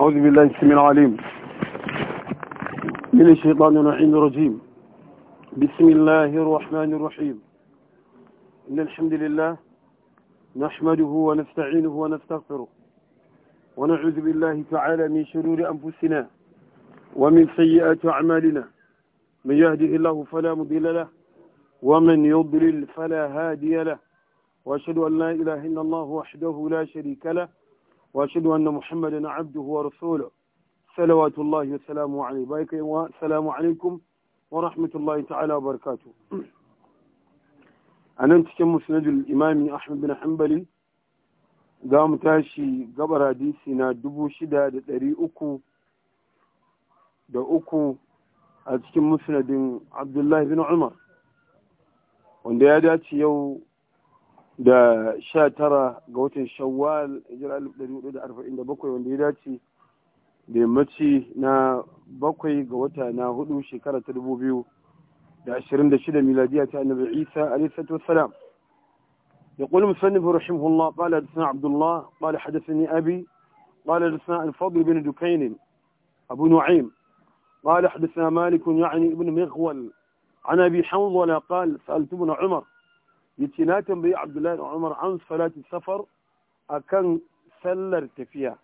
أعوذ بالله السميع العليم من الشيطان الرحيم الرجيم بسم الله الرحمن الرحيم إن الحمد لله نحمده ونستعينه ونستغفره ونعوذ بالله تعالى من شرور أنفسنا ومن سيئات أعمالنا من يهده الله فلا مضل له ومن يضلل فلا هادي له وأشهد أن لا إله إلا الله وحده لا شريك له وأشهد أن محمدا عبده ورسوله صلوات الله وسلامه عليه بايك والسلام عليكم ورحمة الله تعالى وبركاته أنا تكم مسند الإمام أحمد بن حنبل قام تاشي قبر حديثنا دبو شدة دري أكو da uku a cikin musnadin abdullahi bin umar wanda ya dace yau da sha tara ga watan shawwal hijira alif ɗari hudu da arba'in da bakwai wanda ya dace da yammaci na bakwai ga wata na hudu shekara ta dubu biyu da ashirin da shida miladiya ta annabi isa alaihi salatu wassalam يقول المصنف رحمه الله قال حدثنا عبد الله قال حدثني أبي قال حدثنا الفضل بن دكين أبو نعيم قال حدثنا مالك يعني ابن مغول عن أبي حنظلة قال سألت ابن عمر yace na tambayi Abdullahi Umar an salati safar akan sallar tafiya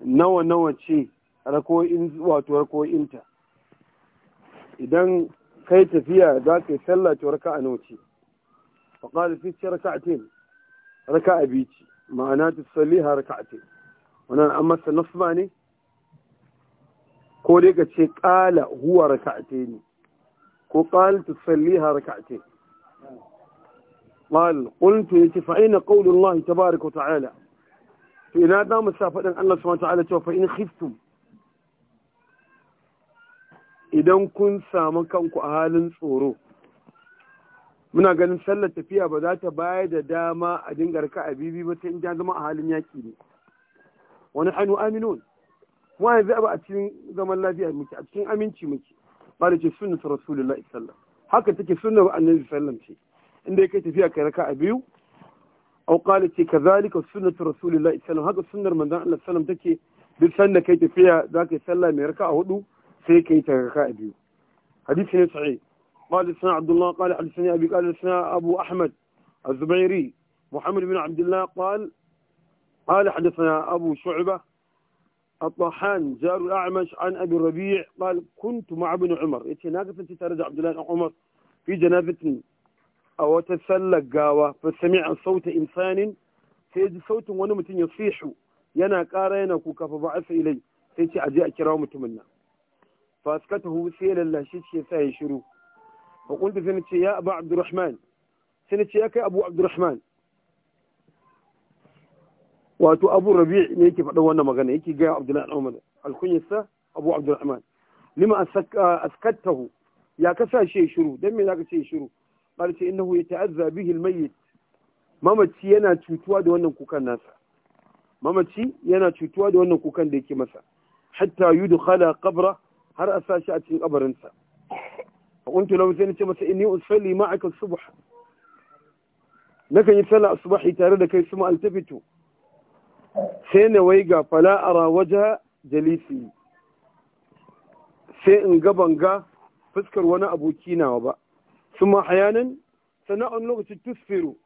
nawa nawa ce rako'in wato ta idan kai tafiya za ka yi sallah to raka'a nawa ce fa qala fi raka'atin raka'a biyu ce ma'ana ta har raka'atin wannan an masa nasba ne ko dai ka ce qala huwa raka'atayn ko qala tusalliha raka'atayn قال قلت يتي فأين قول الله تبارك وتعالى فإن دام السافر أن الله سبحانه وتعالى فإن خفتم idan kun samu kanku a halin tsoro muna ganin sallar tafiya ba za ta bayar da dama a dinga raka a bibi ba sai in zama a halin yaki ne wani hannu aminun mu yanzu ba a cikin zaman lafiya muke a cikin aminci muke ba da ce sunnatar rasulullahi sallallahu haka take sunnar annabi sallallahu alaihi ce إن بيكت فيها كذا أبيو أو قالت كذلك السنة رسول الله صلى الله عليه وسلم هذا السنة من الله سلم تكي بالسنة كيت فيها ذاك سلا ميركا أهدو في كيت كذا أبيو حديث سنة صحيح قال سنة عبد الله قال على سنة أبي قال سنة أبو أحمد الزبيري محمد بن عبد الله قال قال حدثنا أبو شعبة الطحان جار الأعمش عن أبي الربيع قال كنت مع ابن عمر يتناقف انت ترجع عبد الله عمر في جنازة a wata sallar gawa fa sami'a sauta insanin sai ji sautin wani mutum ya sihu yana ƙara yana kuka fa ba'asa ilai sai ce aje a kira mutumin nan fa askatahu sai lallashi ce sai ya shiru fa kunta sai ce ya abu abdurrahman sai ce ya kai abu abdurrahman wato abu rabi ne yake faɗa wannan magana yake ga abdullahi al-umar alkunyarsa abu abdurrahman lima askattahu ya kasa shi shiru dan me zaka ce shiru قال شيء إنه يتأذى به الميت mamaci yana cutuwa da wannan kukan nasa mamaci yana cutuwa da wannan kukan da yake masa hatta yudkhala qabra har a sashi a cikin kabarinsa fa kuntu lahu sai nace masa inni usalli ma'aka subh nakan yi sallah asbahi tare da kai suma altafitu sai na waiga fala ara waja jalisi sai in ga banga fuskar wani aboki nawa ba suma hayanan sannan a lokaci tusfiru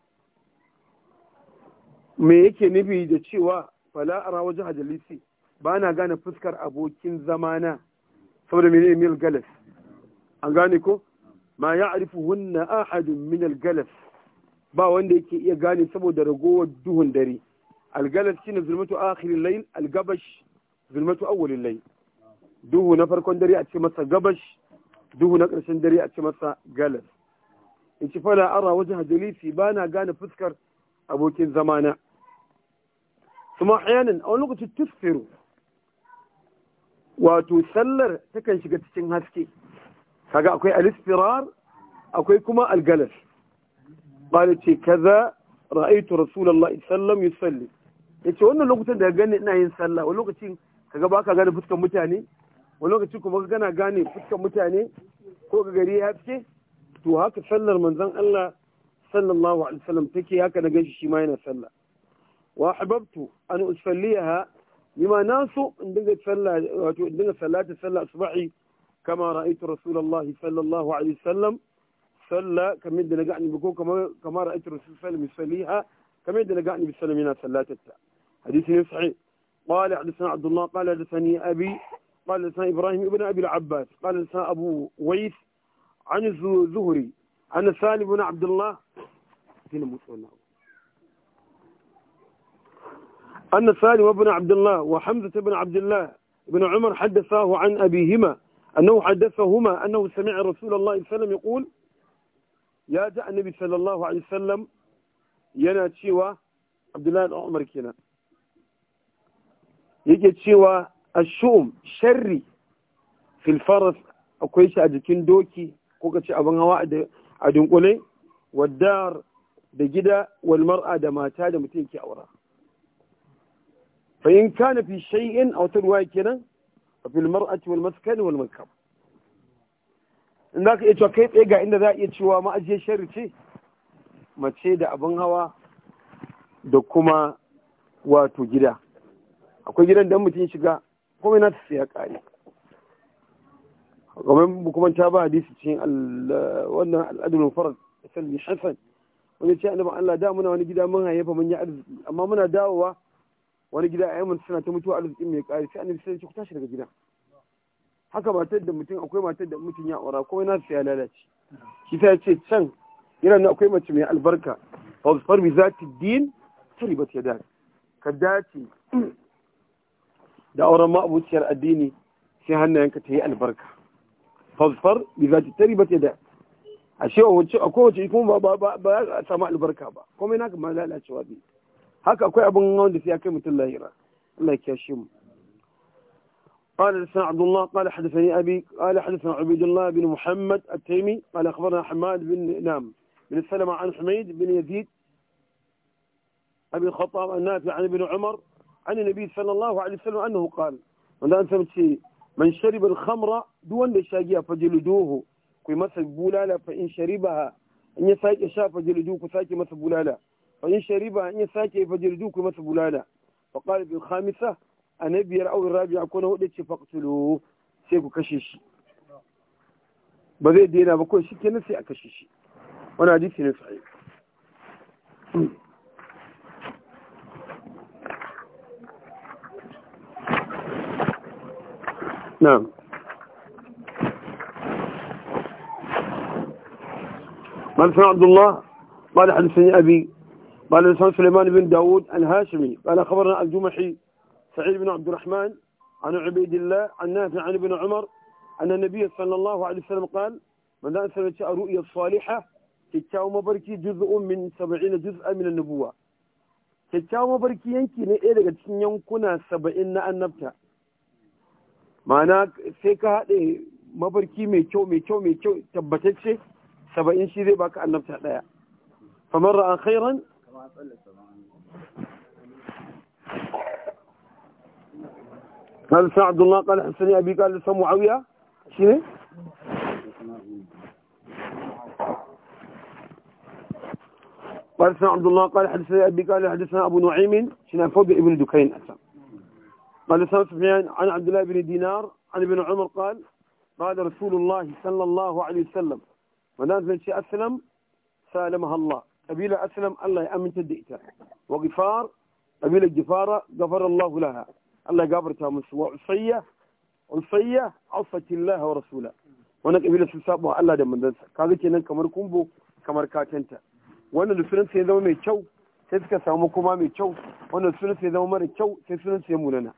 me yake nufi da cewa fala ara wajen hajalisi ba na gane fuskar abokin zamana saboda mene mil galas an gane ko ma ya arifu hunna ahadun min galas ba wanda yake iya gane saboda ragowar duhun dare algalas shine zulmatu akhirin layl algabash zulmatu awwalin layl duhu na farkon dare a ce masa gabash duhu na ƙarshen dare a ce masa galas yace fala ara wajha jalisi bana gane fuskar abokin zamana kuma ayanan a wani lokaci tusfiru wato sallar ta kan shiga cikin haske kaga akwai alistirar akwai kuma ba bada ce kaza ra'aitu rasulullah sallam yusalli yace wannan lokacin da gane ina yin sallah wani lokacin kaga baka gane fuskar mutane wani lokacin kuma kana gane fuskar mutane ko ga gari ya haske to haka sallar manzon Allah sallallahu alaihi wasallam take haka na gashi shi ma yana sallah wa hababtu an usalliha bima nasu in dinga sallah wato in dinga salata sallah asbahi kama ra'aytu rasulullahi sallallahu alaihi wasallam salla kamar da naga ni ko kamar kamar ra'aytu rasulullahi sallallahu kamar da naga ni bi alaihi wasallam yana sallatarta hadisi ne sahih قال حدثنا عبد الله قال حدثني أبي قال حدثنا إبراهيم ابن أبي العباس قال حدثنا أبو ويث عن الزهري عن سالم بن عبد الله أن سالم بن عبد الله وحمزة بن عبد الله بن عمر حدثاه عن أبيهما أنه حدثهما أنه سمع رسول الله صلى الله عليه وسلم يقول يا جاء النبي صلى الله عليه وسلم ينا تشيوى عبد الله umar kenan yake cewa الشوم شري في الفرس akwai shi a ko ka ce abin hawa a dunkule waddar da gida wal mar'a da mata da mutum ke aura fa in kana fi shay'in aw tarwa kenan fi al mar'ati wal maskan wal makam in ka iya cewa kai tsaye ga inda za a iya cewa ma'ajiyar sharri ce mace da abin hawa da kuma wato gida akwai gidan don mutum shiga kuma yana ta siya kare kamar kuma ta ba hadisi cikin wannan al'adul farad salli hasan wani ce annabi Allah da muna wani gida mun hayyafa mun yi arziki amma muna dawowa wani gida ayyamin suna ta mutuwa arziki mai kare sai annabi sai ku tashi daga gida haka matar da mutum akwai matar da mutum ya aura kuma na sai ya lalace shi ta ce can yana nan akwai mace mai albarka fa far bi zati din taribat yadak ka dace da auren ma abuciyar addini sai hannayenka ta yi albarka فاظفر بذا تتربت يدا أشياء أكوه تيكون با با با با سماء البركة با كومي هناك ما لا لا شو هذي هكا أكوه أبو نغون دي سياكي مثل الله هيرا الله يكاشم قال لسنا عبد الله قال حدثني أبي قال حدثنا عبيد الله بن محمد التيمي قال أخبرنا حماد بن نام بن السلمة عن حميد بن يزيد أبي الخطاب النافع عن ابن عمر عن النبي صلى الله عليه وسلم أنه قال ماذا أنت متشي man shariba al-khamra duk wanda sha giya fajliduhu ku masa bulala fa in sharibaha in ya sake sha ku sake masa bulala fa shariba in ya sake fajlidu ku masa bulala fa qala bil khamisa anabiyar aw rabi'a ko na hudu ce faqtulu sai ku kashe shi ba zai daina ba ko shi kenan sai a kashe shi wannan hadisi ne sahih نعم قال سمع عبد الله قال حدثني أبي قال سمع سليمان بن داود الهاشمي قال خبرنا الجمحي سعيد بن عبد الرحمن عن عبيد الله عن نافع عن ابن عمر أن النبي صلى الله عليه وسلم قال من ذا سمع رؤيا صالحة تتشاو مبركي جزء من سبعين جزءا من النبوة تتشاو مبركي ينكي نئلغة تنينكونا سبعين أن نبتع ma'ana sai ka haɗe mafarki mai kyau mai kyau mai kyau tabbatacce saba'in shi zai baka annabta ɗaya famar ra'an khairan قال سعد عبد الله قال أبي قال معاوية شنو قال سعد عبد الله قال حدثنا أبي قال حدثنا أبو نعيم شنو ابن دكين قال سمع سفيان عن عبد الله بن دينار عن ابن عمر قال قال رسول الله صلى الله عليه وسلم ونازل من شيء أسلم سالمها الله قبيله أسلم الله يأمن تدئته وغفار قبيله الجفارة غفر الله لها الله قابرتها من سواء عصية عصية عصت الله ورسوله وانا قبيله سلسابها الله دم من ذلك قال لك أنك مركم بو كمركات أنت وانا لسنة سيدوما يتشو سيدك سامكما يتشو وانا لسنة سيدوما يتشو سيدوما لنا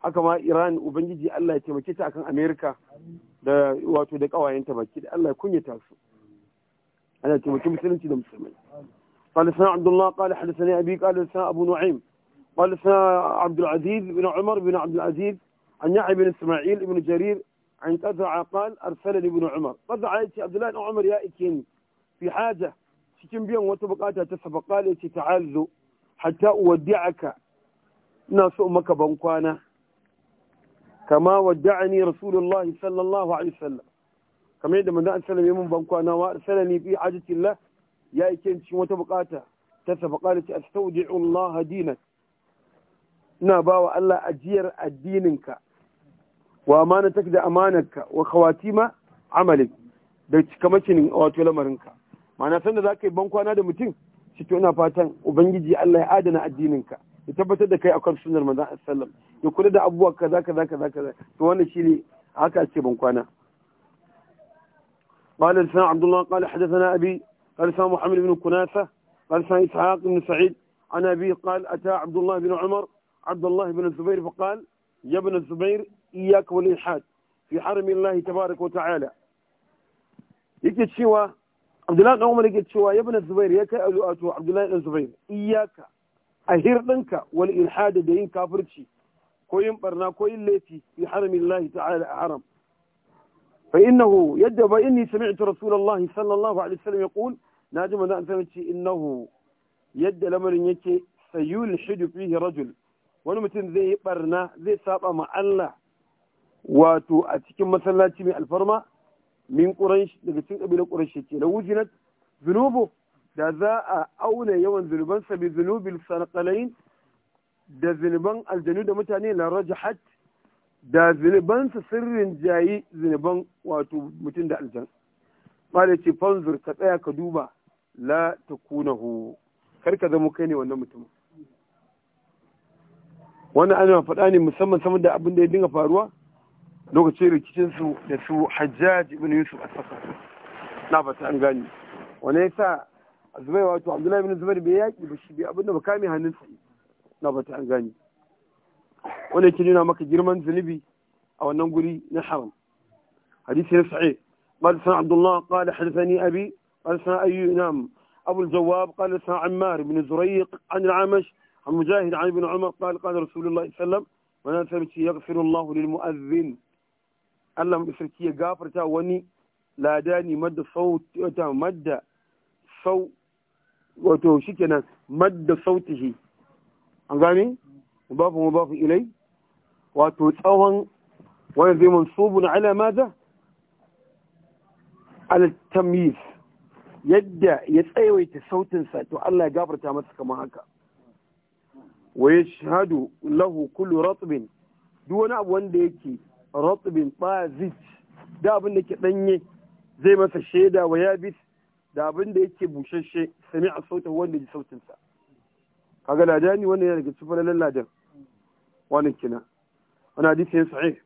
haka ma Iran Ubangiji Allah ya taimake ta akan Amerika da wato da kawayenta baki Allah ya kunyata su ana taimake musulunci da musulmai قال سنا عبد الله قال حدثنا ابي قال سنا ابو نعيم قال سنا عبد العزيز بن عمر بن عبد العزيز عن يعي بن اسماعيل بن جرير عن تدعى قال ارسلني ابن عمر تدعى عبد الله بن عمر يا اكين في حاجه شكن بيان وتو بقاتا تسبق قال تعال ذو حتى اودعك ناس امك بنكوانا kama wadda'ani rasulullah sallallahu alaihi wasallam kamar yadda manzo an sallame mun ban kwana wa arsalani fi hajatillah ya yake cikin wata bukata ta sa faqala ta astawdi'u Allah dinak ina bawa Allah ajiyar addininka wa amanataka da amanarka wa khawatima amalik da cikamacin wato lamarinka ma'ana sanda za ka yi kwana da mutum shi to ina fatan ubangiji Allah ya adana addininka ya tabbatar da kai akan sunnar manzon sallallahu alaihi wasallam ya kula da abubuwa kaza kaza kaza kaza to wannan shine haka ce ban kwana قال لسان عبد الله قال حدثنا أبي قال لسان محمد بن كنافة قال لسان إسحاق بن سعيد عن أبي قال أتى عبد الله بن عمر عبد الله بن الزبير فقال يا ابن الزبير إياك والإلحاد في حرم الله تبارك وتعالى يجد شوى عبد الله بن عمر يجد شوى يا ابن الزبير يا كألواتو عبد الله بن الزبير إياك أهير لنك والإلحاد دين كافرتشي ko yin barna ko yin laifi fi haramin ta'ala a haram fa innahu yadda ba inni sami'tu rasulullahi sallallahu alaihi wasallam yaqul na ji manzo an ce innahu yadda lamarin yake sayul shidu fihi rajul wani mutum zai yi barna zai saba ma Allah wato a cikin masallaci mai alfarma min quraish daga cikin kabilar quraish yake da wujinat zunubu da za a auna yawan zunubansa bi zunubil sanqalain da zunuban aljanu da mutane la rajahat da su sirrin jayi zunuban wato mutum da aljan mala ce fanzur ka tsaya ka duba la ta hu kar ka zama kai ne wannan mutum wannan ana faɗa ne musamman saman da abin da ya dinga faruwa lokacin rikicin su da su hajjaji ibn yusuf asaka na ta an gani ya sa zubai wato abdullahi ibn zubair bai yaki ba shi bai abin da ba kame hannun sa na ba ta an gani wannan ke nuna maka girman zunubi a wannan guri na haram hadisi na قال سنة عبد الله قال حدثني أبي قال سنة أي نعم أبو الجواب قال سنة عمار بن زريق عن العمش عن مجاهد عن ابن عمر قال قال رسول الله صلى الله عليه وسلم وانا ثبت يغفر الله للمؤذن الله مسركي يغفر تا وني لا داني مد صوت مد صوت وتو شكنا مد صوته an gane babu mubafu ilai wato tsawon wani zai mansubun ala maza al yadda ya tsayawaita sautinsa to Allah ya gafarta masa kamar haka wa shahadu lahu kullu ratbin duk wani abu wanda yake ratbin bazic da abin da ke danye zai masa shaida wa yabis da abin da yake bushashe sami a sautin wanda ji sautinsa kaga ladani wannan yana daga cikin lalan ladan wannan kina wani hadisi ne sahih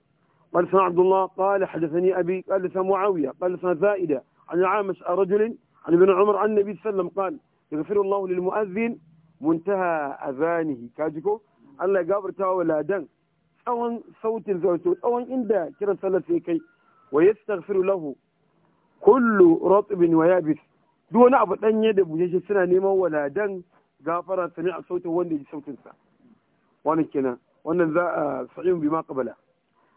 قال سمع عبد الله قال حدثني أبي قال سمع معاوية قال سمع زائدة عن العامس رجل عن ابن عمر عن النبي صلى الله عليه وسلم قال يغفر الله للمؤذن منتهى أذانه كاجكو الله يقابر تاوى لا دن أوان صوت زوجته أوان إندا كرا صلى في ويستغفر له كل رطب ويابس دون أبو أن يدب ويجي سنة نيما ولا دن gafara سمع صوته wanda صوت ji وانا كنا وانا آه، صعيم بما قبله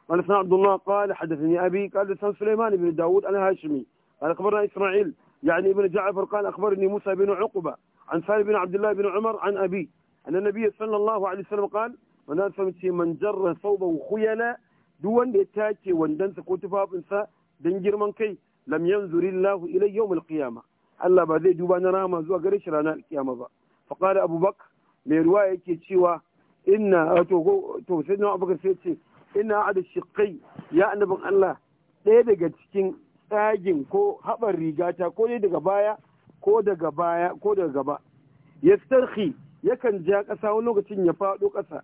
قال سنا عبد الله قال حدثني أبي قال سنا سليمان بن داود هاشمي قال أخبرنا إسماعيل يعني ابن جعفر قال أخبرني موسى بن عقبة عن سالم بن عبد الله بن عمر عن أبي أن النبي صلى الله عليه وسلم قال من من جر ثوبه خيلا دون يتاكي وندن سكوت فابنسا دنجر من كي لم ينظر الله إلى يوم القيامة الله بذي دوبان راما زوى قريش رانا القيامة بقى faƙada abubakar mai ruwa yake cewa ina to sai na abubakar sai ce ina da shiƙai ya annabin Allah ɗaya daga cikin tsagin ko haɓar rigata ko dai daga baya ko daga baya ko daga gaba ya yakan ja ƙasa wani lokacin ya faɗo ƙasa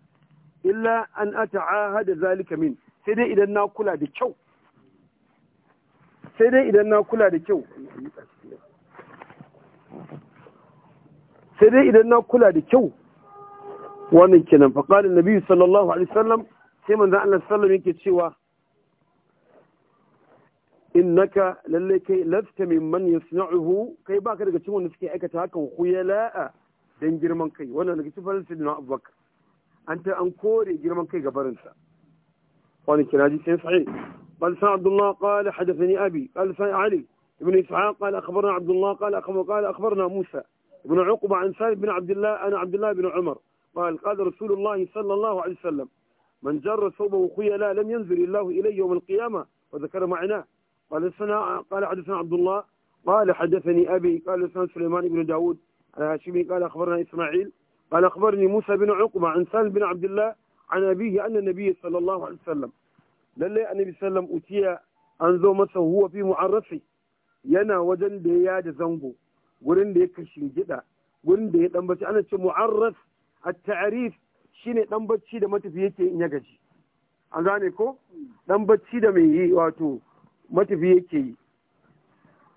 illa an ata da zalika min sai dai idan na kula da kyau sai dai idan na kula da kyau sai dai idan na kula da kyau wannan kenan faƙalin nabi sallallahu alaihi wasallam sai manzo Allah sallam yake cewa innaka lalle kai lafta mimman yasna'uhu kai baka daga cikin wanda suke aikata hakan khuyala'a dan girman kai wannan daga cikin farin sidina abubakar an ta an kore girman kai ga barinsa wannan kenan ji sai sahih bal sa abdullah qala hadathani abi أبي sa ali ibn بن qala قال abdullah qala الله musa بن عقبة عن سالم بن عبد الله أنا عبد الله بن عمر قال قال رسول الله صلى الله عليه وسلم من جر ثوبه خيلا لم ينزل الله إليه يوم القيامة وذكر معناه قال سنة قال حدثنا عبد الله قال حدثني أبي قال سنة سليمان بن داود على هاشمي قال أخبرنا إسماعيل قال أخبرني موسى بن عقبة عن سالم بن عبد الله عن أبيه أن النبي صلى الله عليه وسلم للي النبي صلى الله عليه وسلم أتي أنزو مسه هو في معرفه ينا وجل بياد زنبو gurin da ya kashi gida gurin da ya dan bacci ana ce mu'arraf at-ta'rif shine dan bacci da matafi yake in ya gaji an gane ko dan bacci da mai yi wato matafi yake yi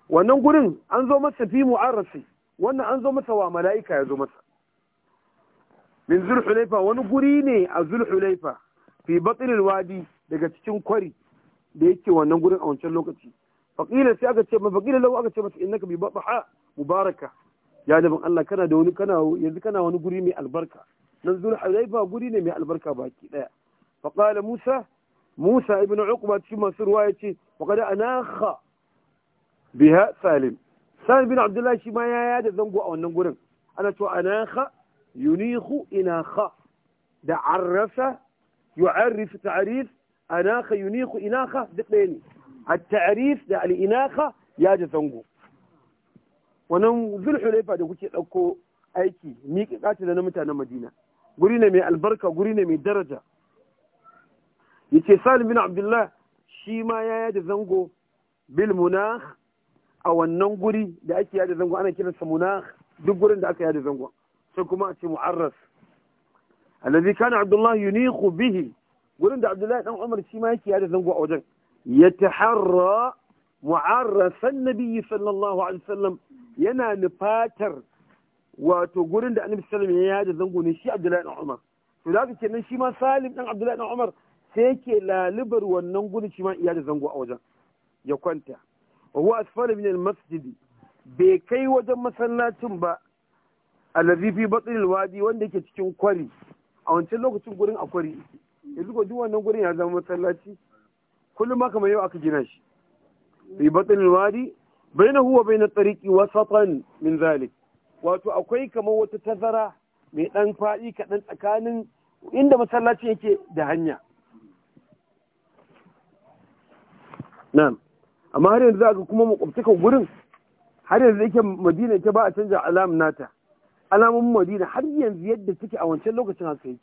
wannan gurin an zo masa fi mu'arrafi wannan an zo masa wa mala'ika ya zo masa min zulhulaifa wani guri ne a zulhulaifa fi batsilil wadi daga cikin kwari da yake wannan gurin a wancan lokaci faqila sai aka ce ma faqila lahu aka ce masa innaka bi batha mubaraka ya nabin Allah kana da wani kana yanzu kana wani guri mai albarka nan zuwa Hudayfa guri ne mai albarka baki daya fa qala Musa Musa ibn Uqba cikin masu ruwa yace fa kada anakha biha Salim Salim bin Abdullah shi ma ya yada zango a wannan gurin ana to anakha yunihu inakha da arrafa yu'arrif ta'rif anakha yunihu inakha duk ɗaya ne at-ta'rif da al-inakha ya da zango wannan zulhulaifa da kuke ɗauko aiki miƙi ƙatila na mutanen madina guri ne mai albarka guri ne mai daraja yace salim bin abdullah shi ma ya yada zango bil munah a wannan guri da ake yada zango ana kiransa munah duk gurin da aka yada zango sai kuma a ce mu'arras alladhi kana abdullah yuniqu bihi gurin da abdullahi dan umar shi ma yake yada zango a wajen yataharra mu'arrasan nabiy sallallahu alaihi wasallam yana nufatar wato gurin da annabi sallallahu alaihi wasallam ya yaji zango ne shi Abdullahi ibn Umar to da ke nan shi ma Salim dan Abdullahi ibn Umar sai yake lalibar wannan gurin shi ma iya da zango a wajen ya kwanta wa huwa asfala min al-masjid bai kai wajen masallacin ba alladhi fi batnil wadi wanda yake cikin kwari a wancan lokacin gurin a kwari yanzu ko duk wannan gurin ya zama masallaci kullum ma kamar yau aka gina shi fi batnil wadi bayna huwa bayna tariqi wasatan min zalik wato akwai kamar wata tazara mai dan faɗi kaɗan tsakanin inda masallaci yake da hanya nan amma har yanzu ga kuma makwabtaka gurin har yanzu yake madina ita ba a canja alam nata alamun madina har yanzu yadda suke a wancan lokacin haka yake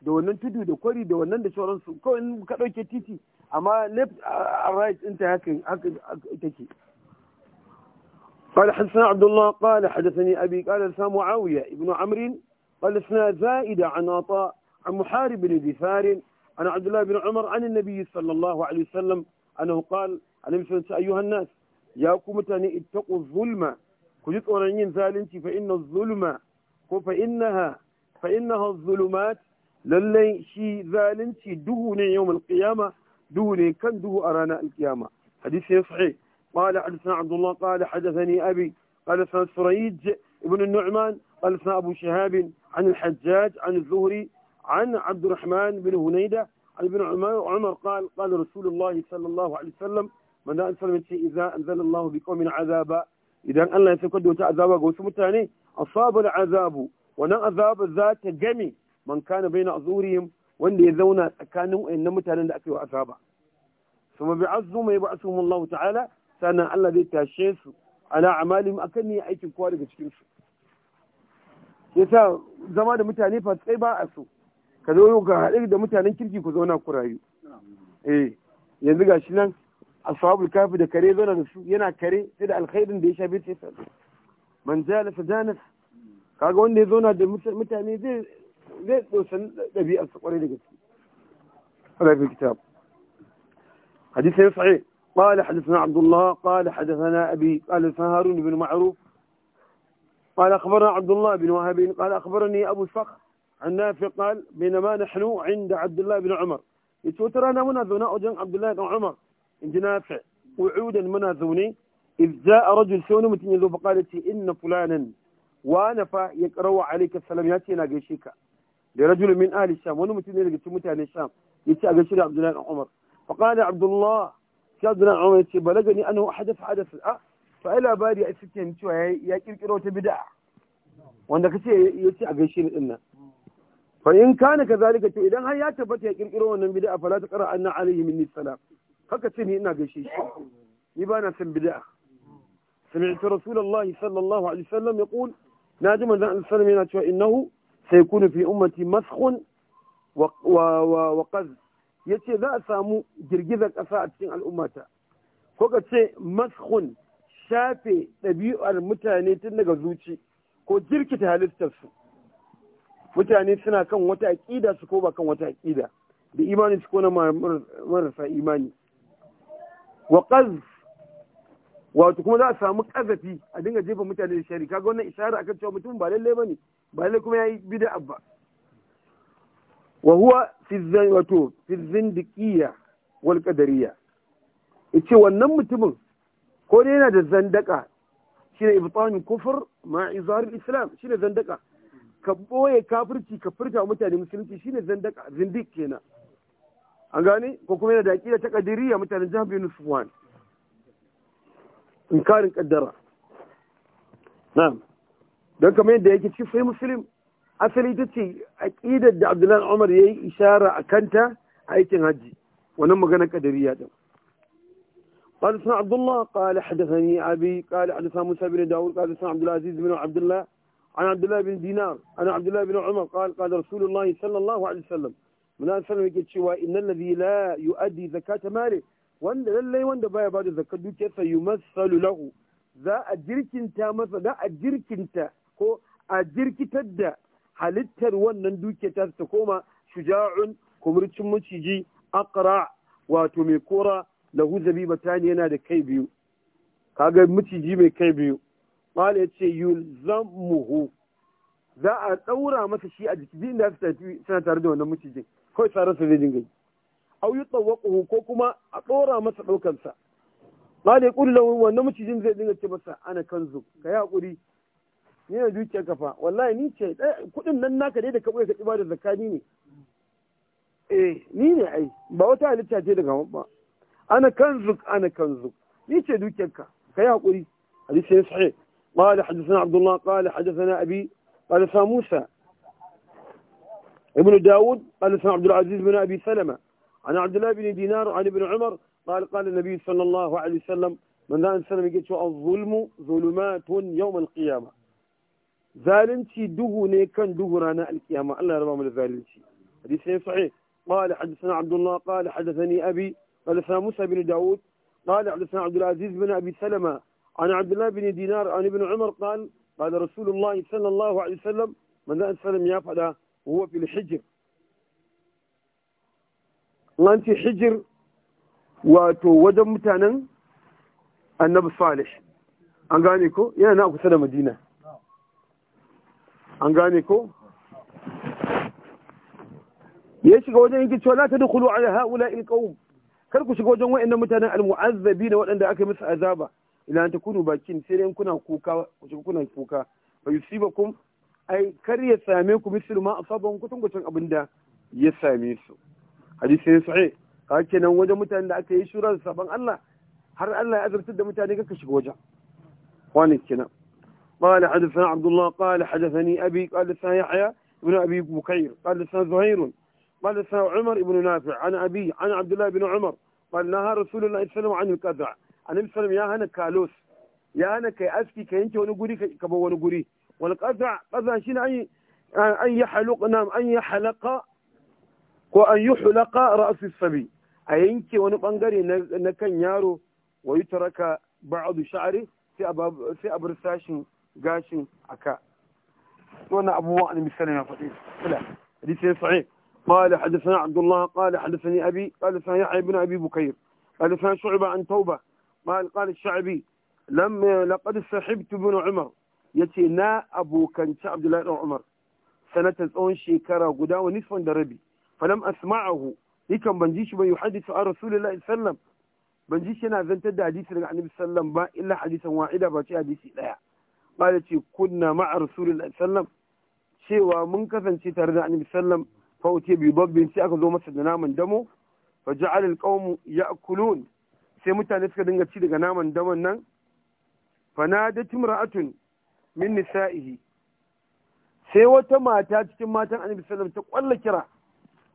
da wannan tudu da kwari da wannan da sauransu kawai ka ɗauke titi amma left a right ɗinta haka take قال حدثنا عبد الله قال حدثني أبي قال لسنا معاوية ابن عمرو قال لسنا زائدة عن عطاء عن محارب بن دثار عن عبد الله بن عمر عن النبي صلى الله عليه وسلم أنه قال أيها الناس يا كمتني اتقوا الظلم كجت أرنين زالنتي فإن الظلم فإنها فإنها الظلمات للي شي زالنتي دهون يوم القيامة دهون كان دهو أرانا القيامة حديث صحيح قال حدثنا عبد الله قال حدثني أبي قال حدثنا سريج ابن النعمان قال حدثنا أبو شهاب عن الحجاج عن الزهري عن عبد الرحمن بن هنيدة عن ابن عمر قال قال رسول الله صلى الله عليه وسلم من لا أنسلم إذا أنزل الله بقوم عذابا إذا أن لا يسكد وتعذابا قوسم تاني أصاب العذاب ونا عذاب ذات جمي من كان بين أظهرهم واللي يذون كانوا tsakanin wayannan mutanen da عذابا ثم بعزهم يبعثهم الله تعالى sannan Allah zai tashe su ala amalim akan ne aikin kowa daga cikin su yasa zama da mutane fa sai ba a so ka zo ga haɗe da mutanen kirki ku zauna ku rayu eh yanzu gashi nan ashabul kafi da kare zauna da su yana kare sai da alkhairin da ya shafe sai sa man jala fa janar kaga wanda ya zauna da mutane zai zai dosan dabi'ar su kwarai da gaske Allah ya kitab hadisi sahih قال حدثنا عبد الله قال حدثنا أبي قال هارون بن معروف قال أخبرنا عبد الله بن وهب قال أخبرني أبو الفخر عن نافع قال بينما نحن عند عبد الله بن عمر يتوتر أنا منا ذونا أجن عبد الله بن عمر عند نافع وعودا منا ذوني إذ جاء رجل شون سون متنيذ فقالت إن فلانا ونفى فا يقرأ عليك السلام ياتي أنا قيشيك لرجل من آل الشام ونمتنيذ قلت متى الشام يتي أقشير عبد الله بن عمر فقال عبد الله sai Abdullahi Umar ya ce balagani annahu hadatha hadatha a ah, to ai labari ai suke cewa ya kirkiro ta bid'a wanda kace yace a gaishe ni dinnan fa in kana kazalika to idan har ya tabbata ya kirkiro wannan bid'a fala ta qara anna alayhi minni salam haka ce ni ina gaishe shi ni ba na san bid'a سمعت رسول الله صلى الله عليه وسلم يقول ناجم أن السلام يناتشوا إنه سيكون في أمتي مسخ وقذف ya ce za a samu girgizar ƙasa a cikin al'ummata ko ka ce maskun shafe ɗabi'ar mutane tun daga zuci ko jirkita halittarsu mutane suna kan wata aƙida su ko ba kan wata aƙida da imani su ko na marasa imani wa wato kuma za a samu ƙazafi a dinga jefa mutane da shari kaga wannan ishara akan cewa mutum ba lallai bane ba lallai kuma ya yayi bid'a abba. wa huwa wato fizzindiƙiya wal ƙadariya ya ce wannan mutumin ko dai yana da zandaka shi ne ibtanin kufur ma izarin islam shi ne zandaka ka ɓoye kafirci ka furta mutane musulunci shi ne zandaka zindik kenan an gani ko kuma yana da aƙida ta ƙadiriya mutane jihar bin sufwan inkarin ƙaddara na'am don kamar yadda yake cikin sai musulun asali ita ce aƙidar da abdullahi umar ya yi ishara a kanta aikin hajji wannan magana kadariya din قال سنا عبد الله قال حدثني أبي قال حدثنا موسى بن داود قال سنا عبد العزيز بن عبد الله عن عبد الله بن دينار عن عبد الله بن عمر قال قال رسول الله صلى الله عليه وسلم من أن سلم يقول شوى إن الذي لا يؤدي زكاة ماله وأن للي وأن بايا بعد الزكاة دوكي فيمثل له ذا أجركنت مثلا ذا أجركنت هو أجركتد halittar wannan duke ta ta koma shuja'un kumurcin maciji aqra wato mai kora lahu zabibatani yana da kai biyu kaga maciji mai kai biyu mala yace yulzamuhu za a ɗaura masa shi a jiki din da suna tare da wannan macijin kawai tsarin sa zai dinga yi au ko kuma a ɗora masa ɗaukansa? sa mala ya wannan macijin zai dinga ce masa ana kanzu yi hakuri yana da dukiyar kafa wallahi ni ce eh, kudin nan naka dai da ka boye da zakani ne eh ni ne ai ba wata halitta ce daga ba ana kanzuk ana kanzuk ni ce dukiyar ka kai hakuri hadisi ne sahih قال حدثنا عبد الله قال حدثنا أبي قال موسى ابن داود قال سمع عبد العزيز بن أبي سلمة عن عبد الله بن دينار عن ابن عمر قال قال النبي صلى الله عليه وسلم من ذا سلم يقول الظلم ظلمات يوم القيامة zalunci duhu ne kan duhu ranar alkiyama Allah ya raba mu da zalunci hadisi ne sahi qala hadathana abdullah abi qala sa musa bin daud qala hadathana abdul aziz salama an abdullah bin dinar an ibn umar qala qala rasulullah sallallahu alaihi wasallam da salam ya fada huwa fil hijr lanti hijr wato wajen mutanen annabi salih an gane ko yana na kusa da madina an gane ko ya shiga wajen yankin cewa la tadkhulu ala haula alqawm kar ku shiga wajen wayannan mutanen almu'azzabi na waɗanda aka yi musu azaba ila ta takunu bakin sai dai kuna kuka ku shiga kuna kuka siba kun ai kar ya same ku mislu ma sabon kutun abin abinda ya same su hadisi ne sahih haka nan wajen mutanen da aka yi shura da sabon Allah har Allah ya azurtar da mutane kaka shiga wajen wani kenan قال حدثنا عبد الله قال حدثني أبي قال حدثنا يحيى بن أبي بكير قال حدثنا زهير قال حدثنا عمر بن نافع عن أبي عن عبد الله بن عمر قال نهى رسول الله صلى الله عليه وسلم عن القزع عن صلى يا هنا كالوس يا هنا كي أسكي كي أنت ونقولي كي ونقولي والقزع قزع شنو أي أن يحلق نعم أن يحلق وأن يحلق رأس الصبي أي أنت ونقنقري نكن يارو ويترك بعض wa في taraka في sha'ari sai gashin aka wannan abubuwan annabi sallallahu alaihi wasallam ya faɗi kula hadisi sahih قال حدثنا عبد الله قال حدثني أبي قال حدثنا يحيى بن أبي بكير قال حدثنا شعبة عن توبة قال قال الشعبي لم لقد صحبت بن عمر يتي نا أبو كان عبد الله بن عمر سنة تسعون شيكارا قدا ونصف دربي فلم أسمعه يكن بنجيش بن يحدث عن رسول الله صلى الله عليه وسلم بنجيش أنا زنت الحديث عن النبي صلى الله عليه وسلم إلا حديثا واحدا باتي حديث لا قال ce kunna رسول الله صلى cewa mun kasance tare da annabi sallam fa uti bi babbin sai aka zo masa da naman damo fa ja'al al qawm ya'kulun sai mutane suka dinga ci daga naman damon nan fa nadat imra'atun min nisa'ihi sai wata mata cikin matan annabi sallam ta kwalla kira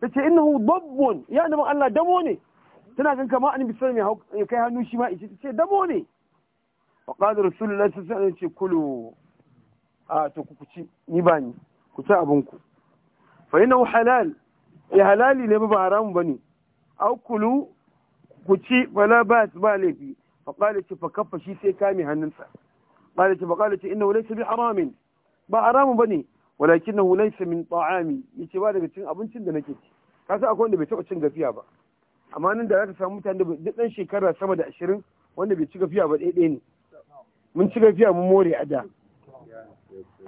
ta ce innahu babbun ya annabi Allah damo ne tana gan kamar annabi sallam ya kai hannu shi ma ita ce damo ne wa da rasulullahi sun alaihi wasallam ce kulu a to ku ci ni ba ni ku ci abinku. ku fa halal ya halali ne ba ba haramu ne au kulu ku ci wala ba ba laifi fa qala ce fa kaffa shi sai kame hannunsa qala ce fa qala ce ina wulai sabi haramin ba haramu walakin na wulai sabi ta'ami ce ba daga cin abincin da nake ci kasa akwai wanda bai taɓa cin gafiya ba amma nan da za ka samu mutane da duk dan shekara sama da ashirin wanda bai ci gafiya ba ɗaya ne mun ci gajiya mun more a da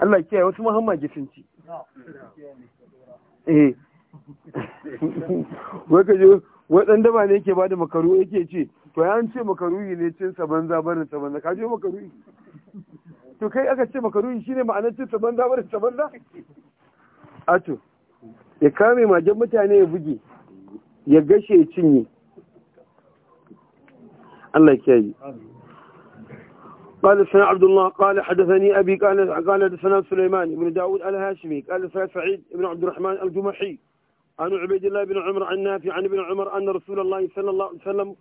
Allah kiyaye wasu muhammad gifin ci eh wai ka je wadan daba ne yake bada makaru yake ce to ya ce makaruyi ne cin sa banza barin sa banza ka je to kai aka ce makaruyi shine ma'anar cin sa banza barin sa banza ato ya kame magen mutane ya buge ya gashe ya cinye Allah kiyaye amin قال سنا عبد الله قال حدثني أبي قال قال سنا سليمان بن داود الهاشمي قال سنا سعيد بن عبد الرحمن الجمحي عن عبيد الله بن عمر عن نافع عن ابن عمر أن رسول الله صلى الله عليه وسلم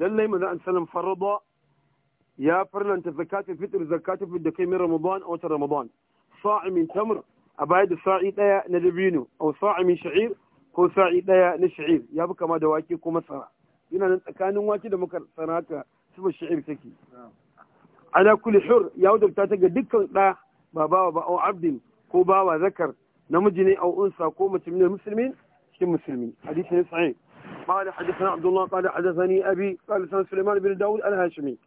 للي ماذا أن سلم فرض يا فرلن زكاة الفطر زكاة الفطر من رمضان أو رمضان صاع من تمر أبايد صاعي ديا ندبينو أو صاع من شعير ko sa'i ɗaya na sha'ir ya fi kama da wake ko masara yana nan tsakanin wake da muka sanata su ba sha'ir take على كل حر يا ودك ta دك dukkan بابا ba كوبا وذكر au أو أنثى او zakar namiji ne au unsa ko mace قال حدثنا عبد الله قال حدثني أبي قال سنة سليمان بن داود الهاشمي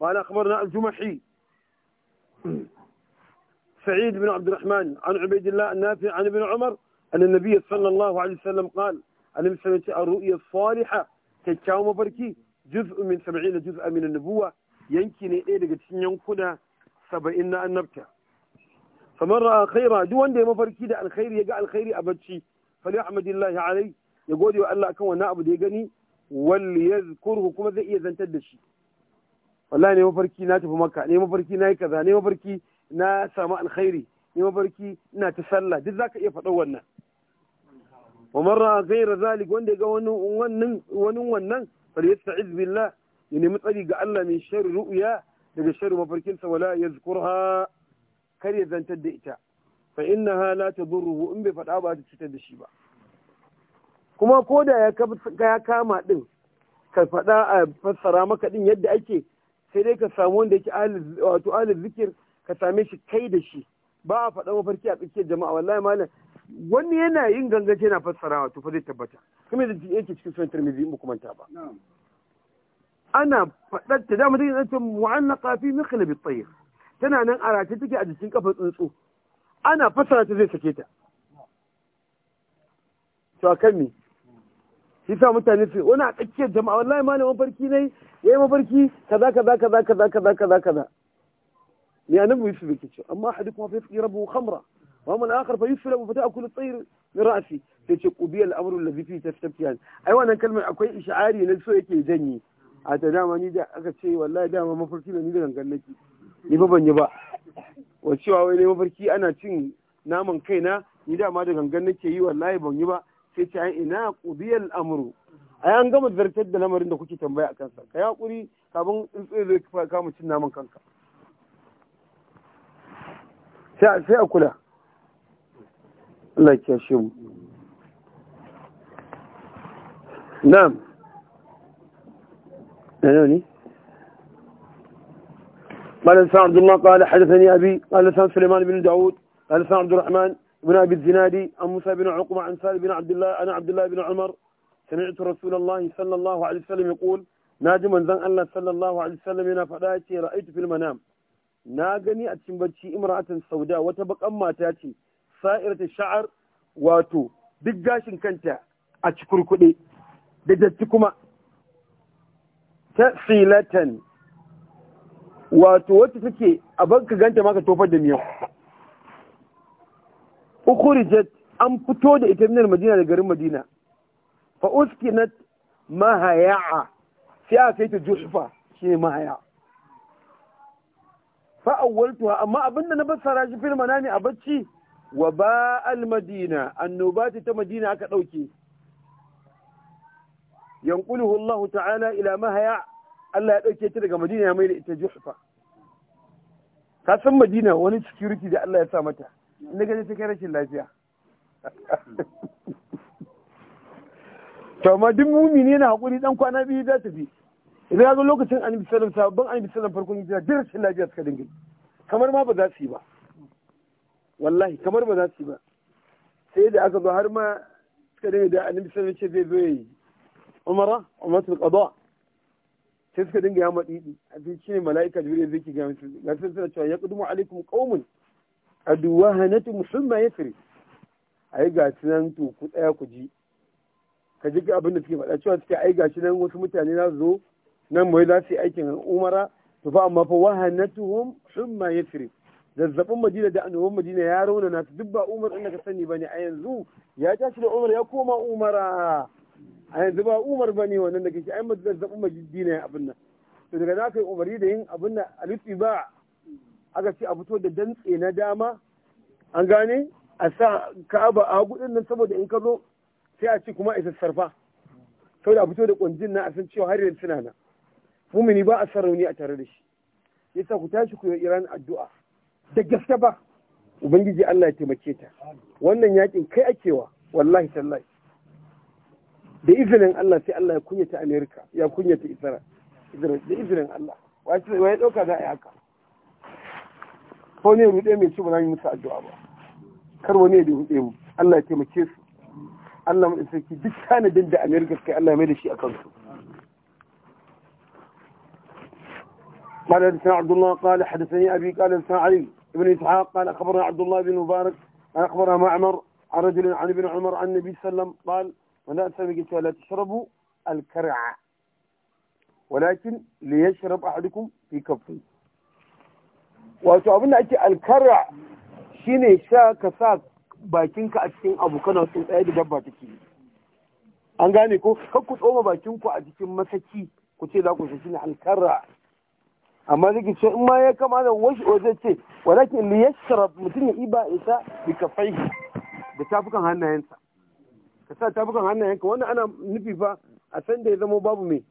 قال أخبرنا الجمحي سعيد بن عبد الرحمن عن عبيد الله النافع عن ابن عمر أن النبي صلى الله عليه وسلم قال أن سمعت الرؤيا الصالحة تتشاوم بركي جزء من سبعين جزءا من النبوة yanki ne ɗaya daga cikin yankuna saba'in na annabta kamar ra'a khaira duk wanda ya mafarki da alkhairi ya ga alkhairi a bacci fali ahmadillahi alai ya gode wa Allah akan wannan abu da ya gani wal kurhu kuma zai iya zantar da shi wallahi ne mafarki na tafi makka ne mafarki na yi kaza ne mafarki na samu alkhairi ne mafarki ina ta sallah duk zaka iya faɗa wannan wa man ra'a zalik wanda ya ga wannan wannan wannan yasta'iz ya nemi tsari ga Allah mai sharri ru'uya daga sharri mafarkinsa wala zukurha kar ya zantar da ita fa ha la tadurruhu in bai fada ba ta cutar da shi ba kuma ko da ya kama din ka faɗa a fassara maka din yadda ake sai dai ka samu wanda yake wato ahli zikir ka same shi kai da shi ba a faɗa mafarki a tsakiyar jama'a wallahi malam wani yana yin gangace yana fassarawa to fa zai tabbata kuma yake cikin sunan tirmidhi in ba ku manta ba ana faɗar ta dama take zancen mu'annaka fi mikhlabi tsayir tana nan a race take a jikin kafar tsuntsu ana fasara ta zai sake ta to akan me shi sa mutane su wani a tsakiyar jama'a wallahi malam mafarki ne yayi mafarki kaza kaza kaza kaza kaza kaza kaza me annabi yusuf yake cewa amma ahadukum fa yasqi rabbuhu khamra wa amma al-akhar fa yusrabu fa ta'kulu at-tayr min ra'si sai ce qubiya al-amru alladhi fihi tastaftiyan ai wannan kalmar akwai isha'ari na so yake janye a ta dama ni da aka ce wallahi dama mafarki da ni da gangan nake ni ba ban yi ba wa cewa wai ne mafarki ana cin naman kaina ni dama da gangan nake yi wallahi ban yi ba sai ta yi ina qudiyal amru ai an gama zartar da lamarin da kuke tambaya a kansa ka hakuri kafin tsuntsu zai ka kama cin naman kanka sai a kula Allah ya kiyashe mu na'am نانوني قال لسان عبد الله قال حدثني أبي قال لسان سليمان بن داود قال لسان عبد الرحمن بن أبي الزنادي عن موسى بن عقبة عن سالم بن عبد الله أنا عبد الله بن عمر سمعت رسول الله صلى الله عليه وسلم يقول ناجي من ذن الله صلى الله عليه وسلم أنا فداتي رأيت في المنام ناجني أتشمبتشي امرأة سوداء وتبقى أما تاتي سائرة الشعر واتو duk gashin kanta a cikurkuɗe da datti kuma ta tafsilatan wato wacce take a banka ganta maka tofar da miyan ukurijet an fito da ita minar madina da garin madina fa uskinat mahaya'a sai aka kai ta juhfa ne mahaya fa awwaltuha amma abinda na fassara shi na ne a bacci wa ba al madina annobati ta madina aka dauke yanquluhu Allah ta'ala ila mahaya Allah ya dauke ta daga Madina ya maida ita Juhfa ka san Madina wani security da Allah ya sa mata inda kaje ta kai rashin lafiya to amma duk yana hakuri dan kwana biyu za ta bi idan ya zo lokacin annabi sallallahu alaihi farkon hijira duk rashin lafiya suka dinga kamar ma ba za su yi ba wallahi kamar ba za su yi ba sai da aka zo har ma suka dinga da annabi sallallahu alaihi zai zo yayi umara umarsu qada sai suka dinga yamma didi abin shine mala'ika jibril zai ki ga musu ga sai suna cewa yaqdumu alaikum qaumun aduwahanatu muhamma yasri ai ga nan to ku tsaya ku ji ka ji abin da suke faɗa cewa suke ai ga nan wasu mutane za su zo nan mai za su yi aikin umara to fa amma fa wahanatuhum ya yasri zazzabin madina da annoban madina ya raunana su duk ba umar ɗin da ka sani ba ne a yanzu ya tashi da umar ya koma umara a yanzu ba umar ba ne wannan da kake ai mazan zaɓin majiddi ne abin nan to daga ka kai umarni da yin abin nan alifi ba aka ce a fito da dantse na dama an gane a sa ka'aba a gudun nan saboda in ka zo sai a ci kuma a sarfa saboda a fito da kwanjin na a san cewa har yanzu suna nan mumini ba a san rauni a tare da shi yasa ku tashi ku yi iran addu'a da gaske ba ubangiji Allah ya taimake ta wannan yakin kai akewa wallahi tallahi بإذن الله تي الله يكون يتي أمريكا يكون يتي إسرائيل بإذن الله وأشتري وين أوكا ذا إياك فوني من دمي شو بناي موسى جوابا كروني دي هم الله يتي مكيس الله من إسرائيل كي دي كان دين دي أمريكا كي الله ميلي شي أكلته قال حدثنا عبد الله قال حدثني أبي قال حدثنا علي ابن إسحاق قال أخبرنا عبد الله بن مبارك قال أخبرنا معمر عن رجل عن ابن عمر عن النبي صلى الله عليه وسلم قال wanda an sami gicewa la tashrabu alkar'a walakin li yashrab ahadukum fi kaffi wato abinda ake alkar'a kara shine sha ka sa bakinka a cikin abu kana so tsaye da dabba take an gane ko kar ku tsoma bakinku a cikin masaki ku ce za ku shi shine alkar'a amma zai ce in ma ya kama da wasu waje ce walakin li yashrab mutum ya iba isa bi kafai da tafukan hannayensa ka sa tafukan hannayenka wannan ana nufi fa a san da ya zama babu mai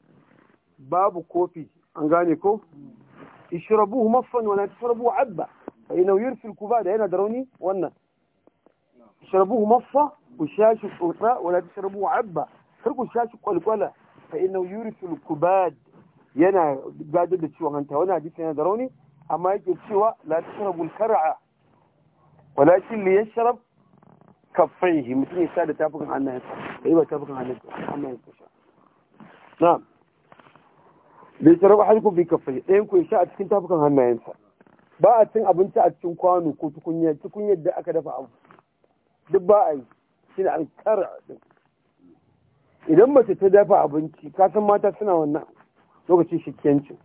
babu kofi an gane ko ishrabuhu maffan wa abba tashrabuhu abba fa innahu ba da yana da rauni wannan ishrabuhu maffa ku shashi tsotsa wa la wa abba kar ku shashi kwalkwala fa innahu filku kubad yana gadar da ciwon hanta wani hadisi yana da rauni amma yake cewa la tashrabul kar'a walakin li yashrab kafaihi mutum ya sa da tafukan hannayensa ya yi ba tafukan hannayensa kusa. na bai tsara ba harkun bai kafaihi ɗayan ku ya sha a cikin tafukan hannayensa ba a cin abinci a cikin kwano ko tukunya tukunya da aka dafa abu duk ba a yi shi ne alkar idan mace ta dafa abinci kasan mata suna wannan lokacin shikiyancin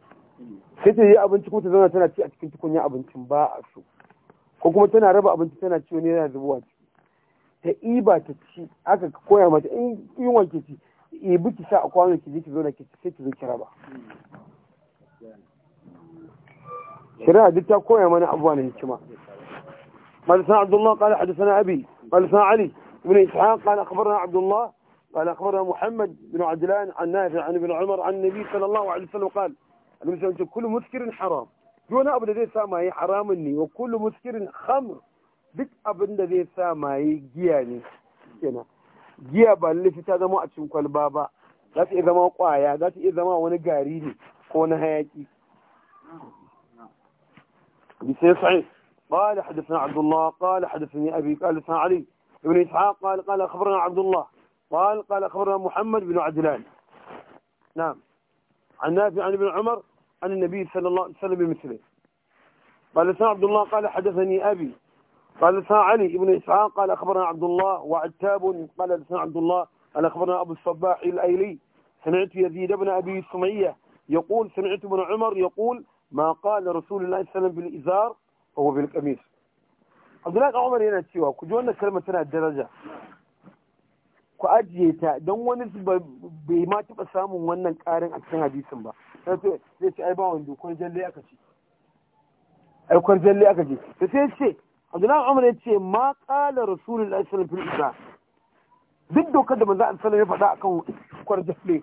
sai ta yi abinci kuma ta zauna tana ci a cikin tukunya abincin ba a so ko kuma tana raba abinci tana ci wani yana zubuwa ci ta iba ta ci aka koya mata in yunwar ke ci ibi ki sa a kwano ki je ki zauna ki sai ki ta koya mana abuwa na hikima malisan abdullahi kala hadisana abi malisan ali ibn isha'an kala akhbarna abdullahi قال أخبرنا محمد بن عدلان عن نافع عن ابن عمر عن النبي صلى الله عليه وسلم قال المسلم كل مسكر حرام دون أبدا ذي سامعي حرام وكل مسكر duk abin da zai sa maye giya ne kenan giya ba lafi ta zama a cikin kwalba ba za ta iya zama kwaya za ta iya zama wani gari ne ko na hayaki بسير sai قال حدثنا عبد الله قال حدثني أبي قال حدثنا علي ابن إسحاق قال قال أخبرنا عبد الله قال قال أخبرنا محمد بن عدلان نعم عن نافع عن ابن عمر عن النبي صلى الله عليه وسلم بمثله قال حدثنا عبد الله قال حدثني أبي قال لسان علي بن إسحاق قال أخبرنا عبد الله وعتاب قال لسان عبد الله قال أخبرنا أبو الصباح الأيلي سمعت يزيد بن أبي سمية يقول سمعت ابن عمر يقول ما قال رسول الله صلى الله عليه وسلم بالإزار هو بالقميص عبد الله عمر هنا cewa ku ji wannan kalmar tana daraja ku ajiye ta don wani bai ma taɓa samun wannan ƙarin a cikin أكشي ba zai ce ai ba Abdullahi Umar ya ce ma kala Rasulullahi sallallahu alaihi wasallam duk dokar da manzo Allah ya faɗa akan kwar jafle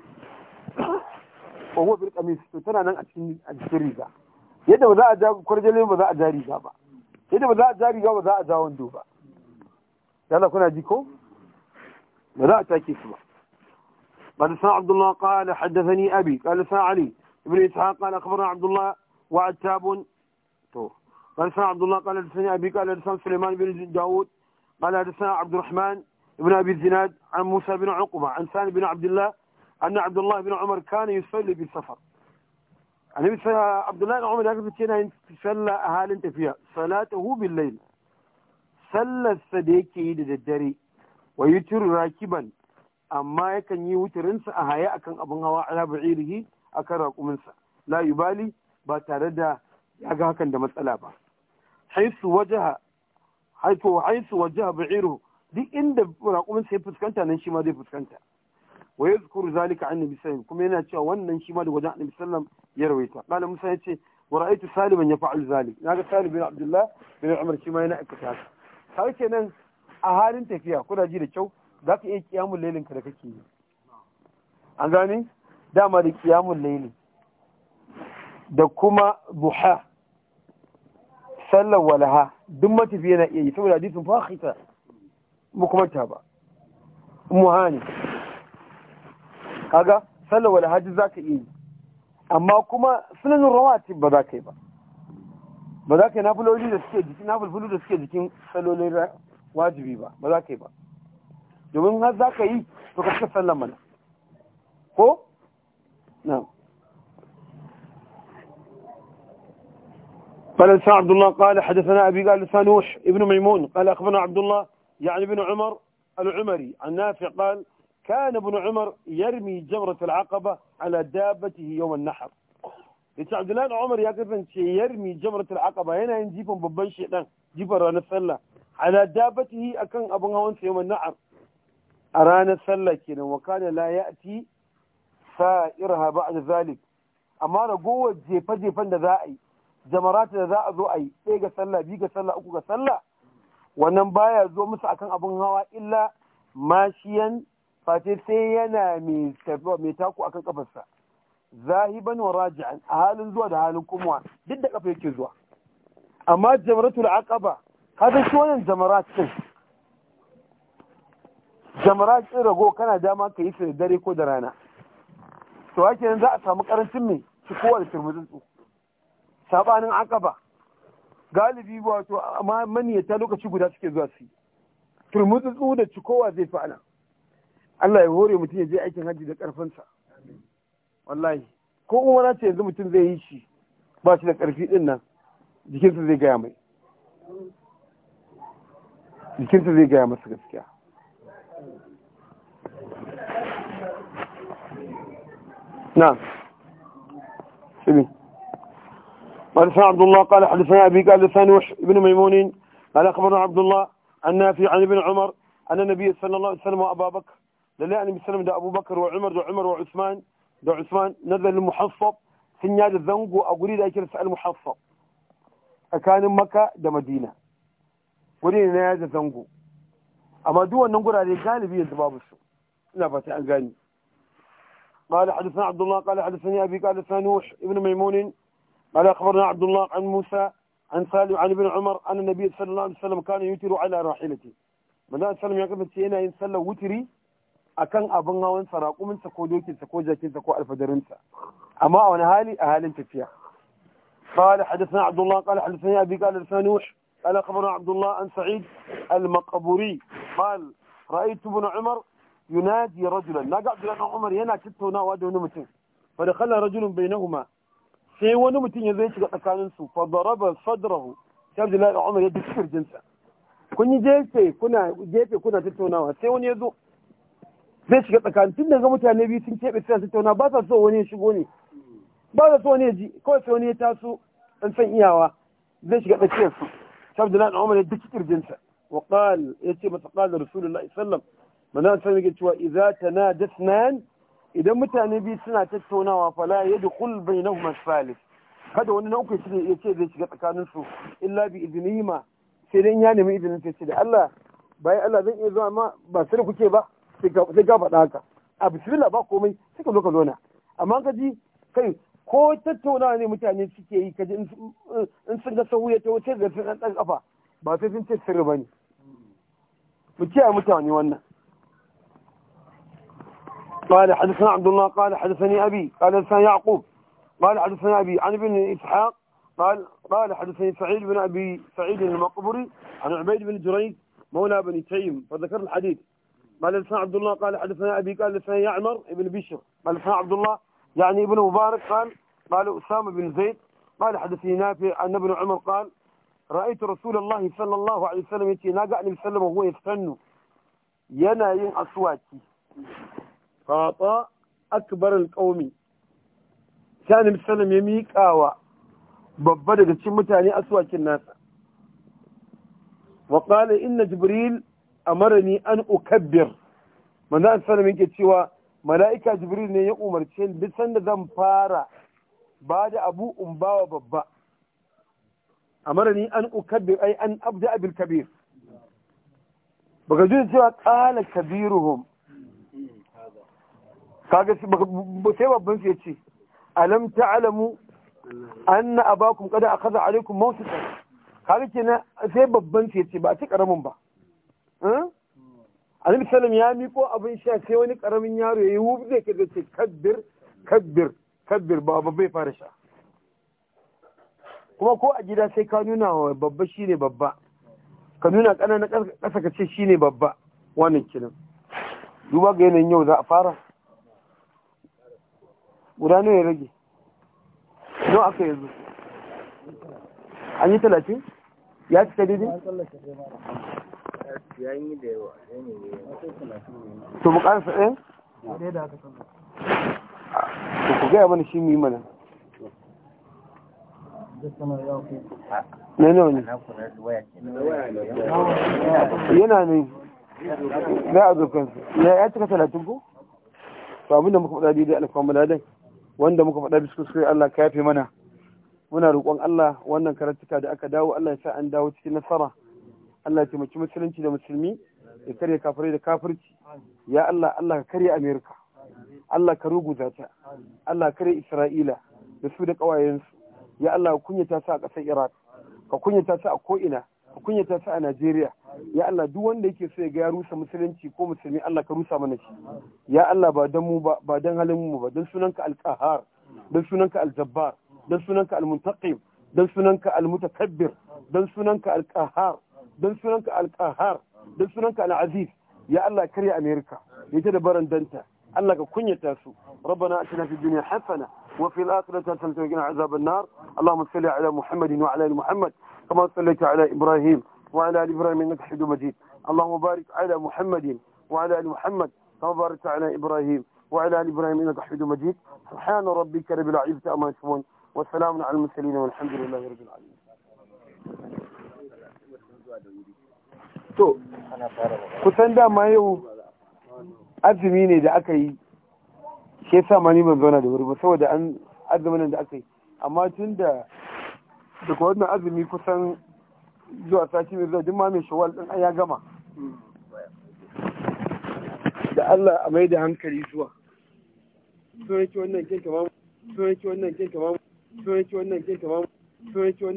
wa huwa bil qamis to tana nan a cikin a cikin riga yadda ba za a ja kwar jafle ba za a ja riga ba yadda ba za a ja riga ba za a jawo wando ba yana kuna ji ko ba za a take su ba قال سنا Abdullahi الله haddathani abi أبي sa Ali علي ishaq kala قال Abdullahi wa الله وعتاب قال سنة عبد الله قال حدثني أبي قال حدثنا سليمان بن داود قال حدثنا عبد الرحمن بن أبي الزناد عن موسى بن عقبة عن ثاني بن عبد الله أن عبد الله بن عمر كان يصلي بالسفر النبي يعني عبد الله بن عمر يقول لنا صلى أهالي أنت فيها صلاته بالليل صلى الصديق للدري ويتر راكبا amma yakan yi wutirinsa a haya akan abin hawa ala ba'irihi akan raƙuminsa la yubali ba tare da ya ga hakan da matsala ba haisu wajaha haifu haisu wajaha ba'iru duk inda raƙumin sai fuskanta nan shi ma zai fuskanta wa yazkuru zalika annabi sallam kuma yana cewa wannan shi ma da wajen annabi sallam ya rawaita qala musa ce wa ra'aytu saliman yaf'alu zalik naga salim bin abdullah bin umar shi ma yana aikata haka har kenan a halin tafiya kuna ji da kyau za ka iya kiyamun lailin ka da kake yi an gane dama da kiyamun laili da kuma buha sallar walaha duk matafiya na iya yi saboda hadisin fahita ta ba muhani kaga sallar walaha duk zaka iya yi amma kuma sunanin rawatib ba za ka yi ba ba za yi nafiloli da suke jikin nafilfulu da suke jikin da wajibi ba ba za ka yi ba domin har za ka yi to ka cika sallar mana ko? na'am قال انس عبد الله قال حدثنا أبي قال سانوح ابن ميمون قال أخبرنا عبد الله يعني ابن عمر العمري عن نافع قال كان ابن عمر يرمي جمرة العقبة على دابته يوم النحر انسى عبد الله عمر يا يرمي جمرة العقبة هنا ينجيبهم ببنشي جيب رانا سلة على دابته أكن أبنها وانسى يوم النحر أرانا سلة كذا وكان لا يأتي سائرها بعد ذلك أمارة قوة جيبا جيبا ذائي jamaratu da za a zo a yi ɗaya ga sallah biyu ga sallah uku ga sallah wannan baya zo musu akan abin hawa illa mashiyan face sai yana mai taku akan kafarsa zahiban wa raji'an a halin zuwa da halin kuma duk da kafa yake zuwa amma jamaratul aqaba kada shi wannan jamarat din jamarat din rago kana dama ka yi su da dare ko da rana to haka yanzu za a samu karancin mai cikowa da turmutsu sabanin akaba galibi wato maniyata lokaci guda suke zuwa su turmutsutsu da cikowa zai fi Allah ya hore mutum ya je aikin hajji da karfinsa wallahi ko umara ce yanzu mutum zai yi shi ba shi da karfi din nan jikinsa zai gaya mai jikinsa zai gaya masa gaskiya na shi قال وحدثنا عبد الله قال حدثنا أبي قال ثانوح ابن ميمونين قال أخبرنا عبد الله في عن ابن عمر أن النبي صلى الله عليه وسلم وأبا بكر للا أن بسلم ده أبو بكر وعمر ده عمر وعثمان ده عثمان نزل المحصب سنياد الذنق وأقولي ذلك رسال المحصب أكان مكة ده مدينة قولي نياد الذنق أما دو أن نقول عليه قال بي الزباب السوء لا فتح يعني قال حدثنا عبد الله قال حدثني أبي قال ثانوح ابن ميمونين قال أخبرنا عبد الله عن موسى عن سالم عن ابن عمر أن النبي صلى الله عليه وسلم كان يوتر على راحلته manzon sallam ya kasance yana yin sallar wutiri akan abin hawan sa raƙumin sa ko dokin sa ko jakin sa ko alfadarin sa amma a wani hali قال حدثنا عبد الله قال حدثني ابي قال حدثنا نوح قال اخبرنا عبد الله عن سعيد المقبوري قال رايت ابن عمر ينادي رجلا لا عبد الله عمر ينا تتونا ودون متين فدخل رجل بينهما sai wani mutum ya zai shiga tsakanin su fa daraba sadrahu sai Abdullahi ibn Umar ya duk kirjin sa kun yi jefe kuna jefe kuna tattaunawa sai wani ya zo zai shiga tsakanin tun ga mutane biyu sun keɓe suna tattauna ba sa so wani ya shigo ne ba sa so wani ya ji kawai sai wani ya taso dan san iyawa zai shiga tsakiyar su sai Abdullahi ibn Umar ya duk kirjin sa wa qal yace masa qala Rasulullahi sallallahu alaihi wasallam manzo sai yake cewa idza tanadasnan idan mutane biyu suna tattaunawa fala ya na bainahuma salih kada wani na uku shi ya ce zai shiga tsakanin su illa bi sai dai ya nemi izinin ta ce da Allah bayan Allah zan iya zuwa amma ba sai kuke ba sai ga faɗa a bismillah ba komai sai ka zo ka zauna amma ka ji kai ko tattaunawa ne mutane suke yi ka ji in sun ga sauya ta wuce da sun ɗan ƙafa? ba sai sun ce sirri ba ne mu kiyaye mutane wannan قال حدثنا عبد الله قال حدثني أبي قال حدثنا يعقوب قال حدثنا أبي عن ابن إسحاق قال قال حدثني سعيد بن أبي سعيد المقبري عن عبيد بن جريج مولى بن تيم فذكر الحديث قال حدثنا عبد الله قال حدثنا أبي قال حدثنا يعمر ابن بشر قال حدثنا عبد الله يعني ابن مبارك قال قال أسامة بن زيد قال حدثني نافع أن ابن عمر قال رأيت رسول الله صلى الله عليه وسلم يتي عليه وسلم وهو يستنى ينا ين fata akbar alqaumi sai annabi ya miƙa wa babba daga cikin mutane aswakin nasa wa qala inna jibril amarani an ukabbir manzo an sallam yake cewa mala'ika jibril ne ya umarce ni duk sanda zan fara ba da abu in bawa babba amarani an ukabbir ai an abda abil kabir baka ji cewa qala kabiruhum kaga sai babban su yace alam ta'lamu anna abakum qad akhadha alaykum mawsiqan kaga kenan sai babban su yace ba ci karamin ba hmm? Annabi sallam ya miko abin sha sai wani karamin yaro yayi wuf zai kaga ce kabbir kabbir kabbir ba babba fara sha kuma ko a gida sai ka nuna wa babba shine babba ka nuna ƙananan ƙasa ka ce shine babba wannan kinan duba ga yanayin yau za a fara guda ne ya rage don aka yanzu an yi talatin ya cika ta didi to mu karsa ɗin to ku gaya mana shi mu yi mana ne ne yana ne za a zo kansu ya cika talatin ko to abinda muka faɗa daidai dai? wanda muka faɗa biskus Allah ka yafe mana muna roƙon Allah wannan karatuka da aka dawo Allah ya sa an dawo cikin nasara Allah ya taimaki musulunci da musulmi ya karya kafirai da kafirci ya Allah Allah ka karya Amerika Allah ka ruguza ta Allah ka karya Isra'ila da su da ƙawayensu ya Allah kunyata su a ƙasar Iraq ka kunyata su a ko'ina ka kunyata su a Najeriya ya Allah duk wanda yake so ya ga ya rusa musulunci ko musulmi Allah ka rusa mana shi ya Allah ba dan mu ba ba dan halin mu ba dan sunanka al dan sunanka al-jabbar dan sunanka al-muntaqim dan sunanka al dan sunanka al dan sunanka al dan sunanka al ya Allah karya America yace da baran danta Allah ka kunyata su rabbana atina fid dunya hasana wa fil akhirati hasanatan wa qina azaban nar allahumma salli ala muhammadin wa ala ali muhammad kama sallaita ala ibrahim وعلى آل إبراهيم إنك حميد مجيد اللهم بارك على محمد وعلى آل محمد كما باركت على إبراهيم وعلى آل إبراهيم إنك حميد مجيد سبحان ربك رب العزة أما يصفون والسلام على المرسلين والحمد لله رب العالمين to kusan dama yau azumi ne da aka yi shi yasa ma ni ban zauna da wuri ba saboda an azumin da aka yi amma tun da daga wannan azumi kusan zuwa sati mai zuwa duk ma mai shawal ɗin ya gama da Allah a mai da hankali zuwa so yake wannan kinka ma so yake wannan kinka ma so yake wannan kinka ma so yake wannan